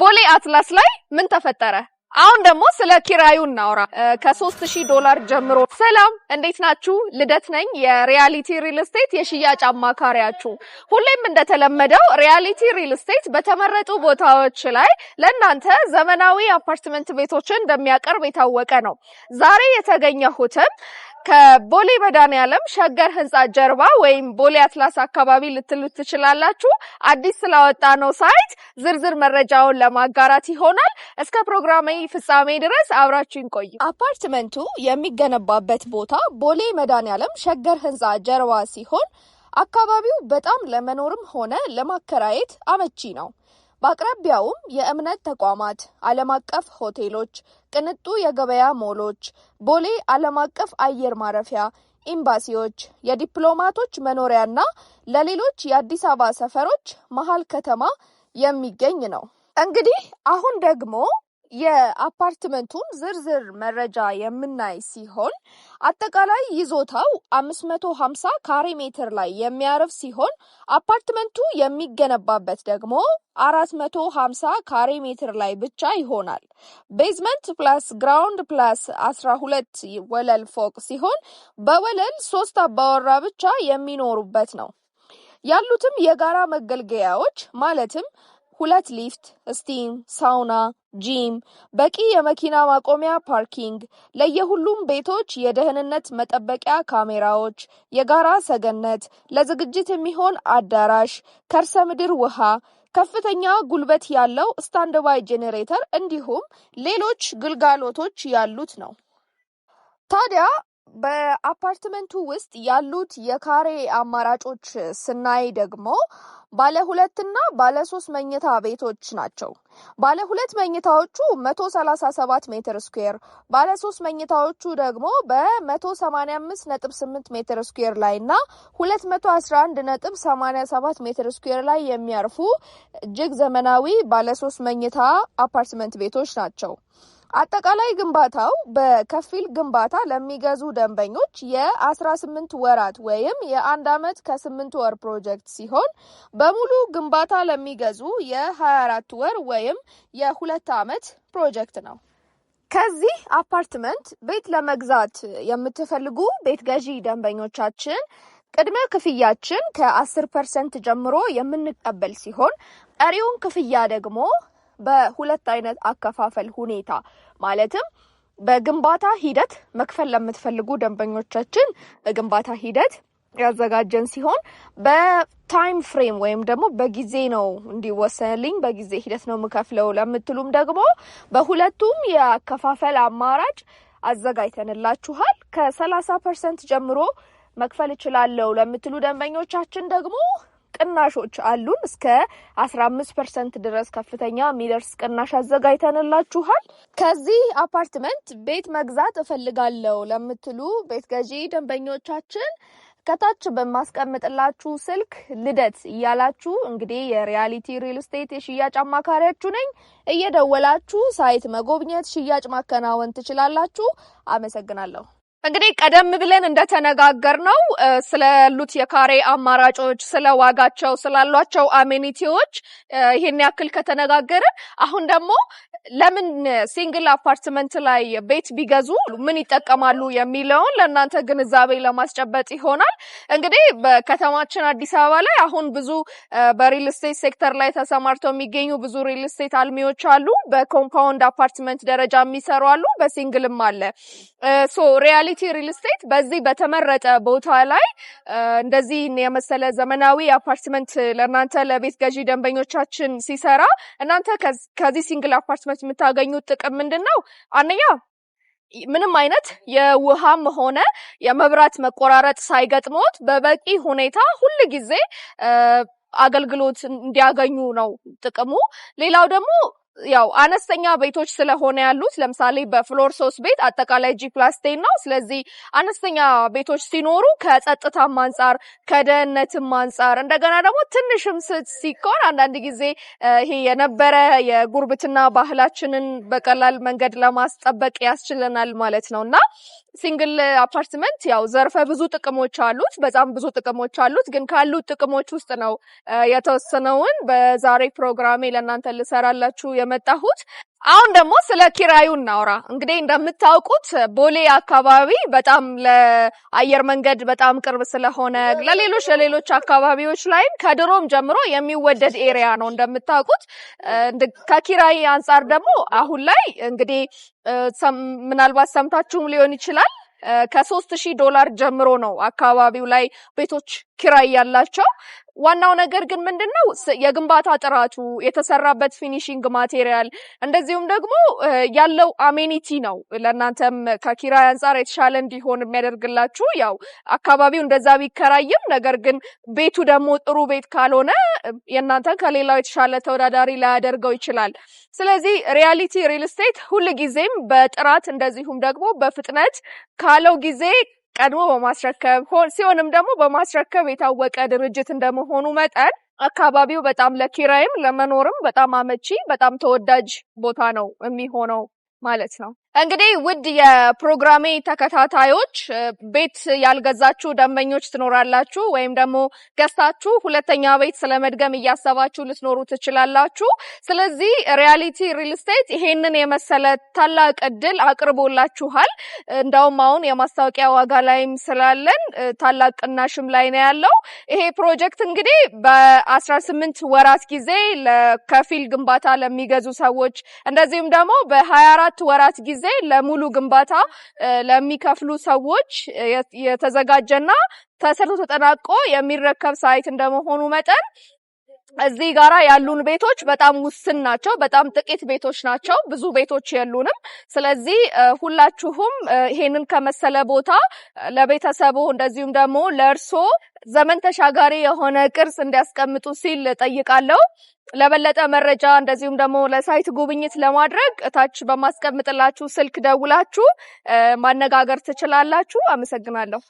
ቦሌ አትላስ ላይ ምን ተፈጠረ? አሁን ደግሞ ስለ ኪራዩ እናውራ። ከ ከ3000 ዶላር ጀምሮ። ሰላም እንዴት ናችሁ? ልደት ነኝ የሪያሊቲ ሪል ስቴት የሽያጭ አማካሪያችሁ። ሁሌም እንደተለመደው ሪያሊቲ ሪል ስቴት በተመረጡ ቦታዎች ላይ ለእናንተ ዘመናዊ አፓርትመንት ቤቶችን እንደሚያቀርብ የታወቀ ነው። ዛሬ የተገኘሁትም ከቦሌ መድኃኔዓለም ሸገር ህንፃ ጀርባ ወይም ቦሌ አትላስ አካባቢ ልትሉት ትችላላችሁ። አዲስ ስላወጣ ነው ሳይት ዝርዝር መረጃውን ለማጋራት ይሆናል። እስከ ፕሮግራሜ ፍጻሜ ድረስ አብራችሁ ቆዩ። አፓርትመንቱ የሚገነባበት ቦታ ቦሌ መድኃኔዓለም ሸገር ህንፃ ጀርባ ሲሆን አካባቢው በጣም ለመኖርም ሆነ ለማከራየት አመቺ ነው። በአቅራቢያውም የእምነት ተቋማት፣ ዓለም አቀፍ ሆቴሎች፣ ቅንጡ የገበያ ሞሎች፣ ቦሌ ዓለም አቀፍ አየር ማረፊያ፣ ኤምባሲዎች፣ የዲፕሎማቶች መኖሪያና ለሌሎች የአዲስ አበባ ሰፈሮች መሀል ከተማ የሚገኝ ነው። እንግዲህ አሁን ደግሞ የአፓርትመንቱን ዝርዝር መረጃ የምናይ ሲሆን አጠቃላይ ይዞታው 550 ካሬ ሜትር ላይ የሚያርፍ ሲሆን አፓርትመንቱ የሚገነባበት ደግሞ 450 ካሬ ሜትር ላይ ብቻ ይሆናል። ቤዝመንት ፕላስ ግራውንድ ፕላስ 12 ወለል ፎቅ ሲሆን በወለል ሶስት አባወራ ብቻ የሚኖሩበት ነው። ያሉትም የጋራ መገልገያዎች ማለትም ሁለት ሊፍት፣ ስቲም፣ ሳውና፣ ጂም፣ በቂ የመኪና ማቆሚያ ፓርኪንግ፣ ለየሁሉም ቤቶች የደህንነት መጠበቂያ ካሜራዎች፣ የጋራ ሰገነት፣ ለዝግጅት የሚሆን አዳራሽ፣ ከርሰ ምድር ውሃ፣ ከፍተኛ ጉልበት ያለው ስታንድባይ ጄኔሬተር እንዲሁም ሌሎች ግልጋሎቶች ያሉት ነው። ታዲያ በአፓርትመንቱ ውስጥ ያሉት የካሬ አማራጮች ስናይ ደግሞ ባለ ሁለት እና ባለ ሶስት መኝታ ቤቶች ናቸው። ባለ ሁለት መኝታዎቹ ሰባት ሜትር ስኩዌር፣ ባለ ሶስት መኝታዎቹ ደግሞ በመቶ ነጥብ ስምንት ሜትር ስኩዌር ላይ እና ሰባት ሜትር ስኩዌር ላይ የሚያርፉ እጅግ ዘመናዊ ባለ ሶስት መኝታ አፓርትመንት ቤቶች ናቸው። አጠቃላይ ግንባታው በከፊል ግንባታ ለሚገዙ ደንበኞች የ18 ወራት ወይም የአንድ ዓመት ከ8 ወር ፕሮጀክት ሲሆን በሙሉ ግንባታ ለሚገዙ የ24 ወር ወይም የሁለት ዓመት ፕሮጀክት ነው። ከዚህ አፓርትመንት ቤት ለመግዛት የምትፈልጉ ቤት ገዢ ደንበኞቻችን ቅድመ ክፍያችን ከ10 ፐርሰንት ጀምሮ የምንቀበል ሲሆን ቀሪውን ክፍያ ደግሞ በሁለት አይነት አከፋፈል ሁኔታ ማለትም በግንባታ ሂደት መክፈል ለምትፈልጉ ደንበኞቻችን በግንባታ ሂደት ያዘጋጀን ሲሆን በታይም ፍሬም ወይም ደግሞ በጊዜ ነው እንዲወሰንልኝ በጊዜ ሂደት ነው የምከፍለው ለምትሉም ደግሞ በሁለቱም የአከፋፈል አማራጭ አዘጋጅተንላችኋል። ከሰላሳ ፐርሰንት ጀምሮ መክፈል እችላለሁ ለምትሉ ደንበኞቻችን ደግሞ ቅናሾች አሉን። እስከ አስራ አምስት ፐርሰንት ድረስ ከፍተኛ የሚደርስ ቅናሽ አዘጋጅተንላችኋል። ከዚህ አፓርትመንት ቤት መግዛት እፈልጋለሁ ለምትሉ ቤት ገዢ ደንበኞቻችን ከታች በማስቀምጥላችሁ ስልክ ልደት እያላችሁ እንግዲህ የሪያሊቲ ሪል ስቴት የሽያጭ አማካሪያችሁ ነኝ። እየደወላችሁ ሳይት መጎብኘት፣ ሽያጭ ማከናወን ትችላላችሁ። አመሰግናለሁ። እንግዲህ ቀደም ብለን እንደተነጋገር ነው። ስላሉት የካሬ አማራጮች፣ ስለ ዋጋቸው፣ ስላሏቸው አሜኒቲዎች ይህን ያክል ከተነጋገርን አሁን ደግሞ ለምን ሲንግል አፓርትመንት ላይ ቤት ቢገዙ ምን ይጠቀማሉ የሚለውን ለእናንተ ግንዛቤ ለማስጨበጥ ይሆናል። እንግዲህ በከተማችን አዲስ አበባ ላይ አሁን ብዙ በሪል ስቴት ሴክተር ላይ ተሰማርተው የሚገኙ ብዙ ሪል ስቴት አልሚዎች አሉ። በኮምፓውንድ አፓርትመንት ደረጃ የሚሰሩ አሉ፣ በሲንግልም አለ ሶ ሪያሊ ኳሊቲ ሪል ስቴት በዚህ በተመረጠ ቦታ ላይ እንደዚህ የመሰለ ዘመናዊ አፓርትመንት ለእናንተ ለቤት ገዢ ደንበኞቻችን ሲሰራ እናንተ ከዚህ ሲንግል አፓርትመንት የምታገኙት ጥቅም ምንድን ነው? አንደኛ ምንም አይነት የውሃም ሆነ የመብራት መቆራረጥ ሳይገጥሞት በበቂ ሁኔታ ሁል ጊዜ አገልግሎት እንዲያገኙ ነው ጥቅሙ። ሌላው ደግሞ ያው አነስተኛ ቤቶች ስለሆነ ያሉት ለምሳሌ በፍሎር ሶስት ቤት አጠቃላይ ጂ ፕላስ ነው። ስለዚህ አነስተኛ ቤቶች ሲኖሩ ከጸጥታም አንጻር ከደህንነትም አንጻር እንደገና ደግሞ ትንሽም ስት ሲኮን አንዳንድ ጊዜ ይሄ የነበረ የጉርብትና ባህላችንን በቀላል መንገድ ለማስጠበቅ ያስችለናል ማለት ነው እና ሲንግል አፓርትመንት ያው ዘርፈ ብዙ ጥቅሞች አሉት። በጣም ብዙ ጥቅሞች አሉት። ግን ካሉት ጥቅሞች ውስጥ ነው የተወሰነውን በዛሬ ፕሮግራሜ ለእናንተ ልሰራላችሁ የመጣሁት። አሁን ደግሞ ስለ ኪራዩ እናውራ። እንግዲህ እንደምታውቁት ቦሌ አካባቢ በጣም ለአየር መንገድ በጣም ቅርብ ስለሆነ ለሌሎች ለሌሎች አካባቢዎች ላይም ከድሮም ጀምሮ የሚወደድ ኤሪያ ነው እንደምታውቁት። ከኪራይ አንጻር ደግሞ አሁን ላይ እንግዲህ ምናልባት ሰምታችሁም ሊሆን ይችላል ከሶስት ሺህ ዶላር ጀምሮ ነው አካባቢው ላይ ቤቶች ኪራይ ያላቸው። ዋናው ነገር ግን ምንድን ነው የግንባታ ጥራቱ፣ የተሰራበት ፊኒሽንግ ማቴሪያል፣ እንደዚሁም ደግሞ ያለው አሜኒቲ ነው። ለእናንተም ከኪራይ አንጻር የተሻለ እንዲሆን የሚያደርግላችሁ ያው አካባቢው እንደዛ ቢከራይም፣ ነገር ግን ቤቱ ደግሞ ጥሩ ቤት ካልሆነ የእናንተን ከሌላው የተሻለ ተወዳዳሪ ላያደርገው ይችላል። ስለዚህ ሪያሊቲ ሪል ስቴት ጊዜም በጥራት እንደዚሁም ደግሞ በፍጥነት ካለው ጊዜ ቀድሞ በማስረከብ ሲሆንም ደግሞ በማስረከብ የታወቀ ድርጅት እንደመሆኑ መጠን አካባቢው በጣም ለኪራይም ለመኖርም በጣም አመቺ በጣም ተወዳጅ ቦታ ነው የሚሆነው ማለት ነው። እንግዲህ ውድ የፕሮግራሜ ተከታታዮች ቤት ያልገዛችሁ ደንበኞች ትኖራላችሁ፣ ወይም ደግሞ ገዝታችሁ ሁለተኛ ቤት ስለመድገም እያሰባችሁ ልትኖሩ ትችላላችሁ። ስለዚህ ሪያሊቲ ሪል ስቴት ይሄንን የመሰለ ታላቅ እድል አቅርቦላችኋል። እንደውም አሁን የማስታወቂያ ዋጋ ላይም ስላለን ታላቅ ቅናሽም ላይ ነው ያለው። ይሄ ፕሮጀክት እንግዲህ በአስራ ስምንት ወራት ጊዜ ለከፊል ግንባታ ለሚገዙ ሰዎች እንደዚሁም ደግሞ በሀያ አራት ወራት ጊዜ ጊዜ ለሙሉ ግንባታ ለሚከፍሉ ሰዎች የተዘጋጀና ተሰርቶ ተጠናቆ የሚረከብ ሳይት እንደመሆኑ መጠን እዚህ ጋራ ያሉን ቤቶች በጣም ውስን ናቸው። በጣም ጥቂት ቤቶች ናቸው። ብዙ ቤቶች የሉንም። ስለዚህ ሁላችሁም ይሄንን ከመሰለ ቦታ ለቤተሰቡ እንደዚሁም ደግሞ ለእርሶ ዘመን ተሻጋሪ የሆነ ቅርስ እንዲያስቀምጡ ሲል ጠይቃለሁ። ለበለጠ መረጃ እንደዚሁም ደግሞ ለሳይት ጉብኝት ለማድረግ እታች በማስቀምጥላችሁ ስልክ ደውላችሁ ማነጋገር ትችላላችሁ። አመሰግናለሁ።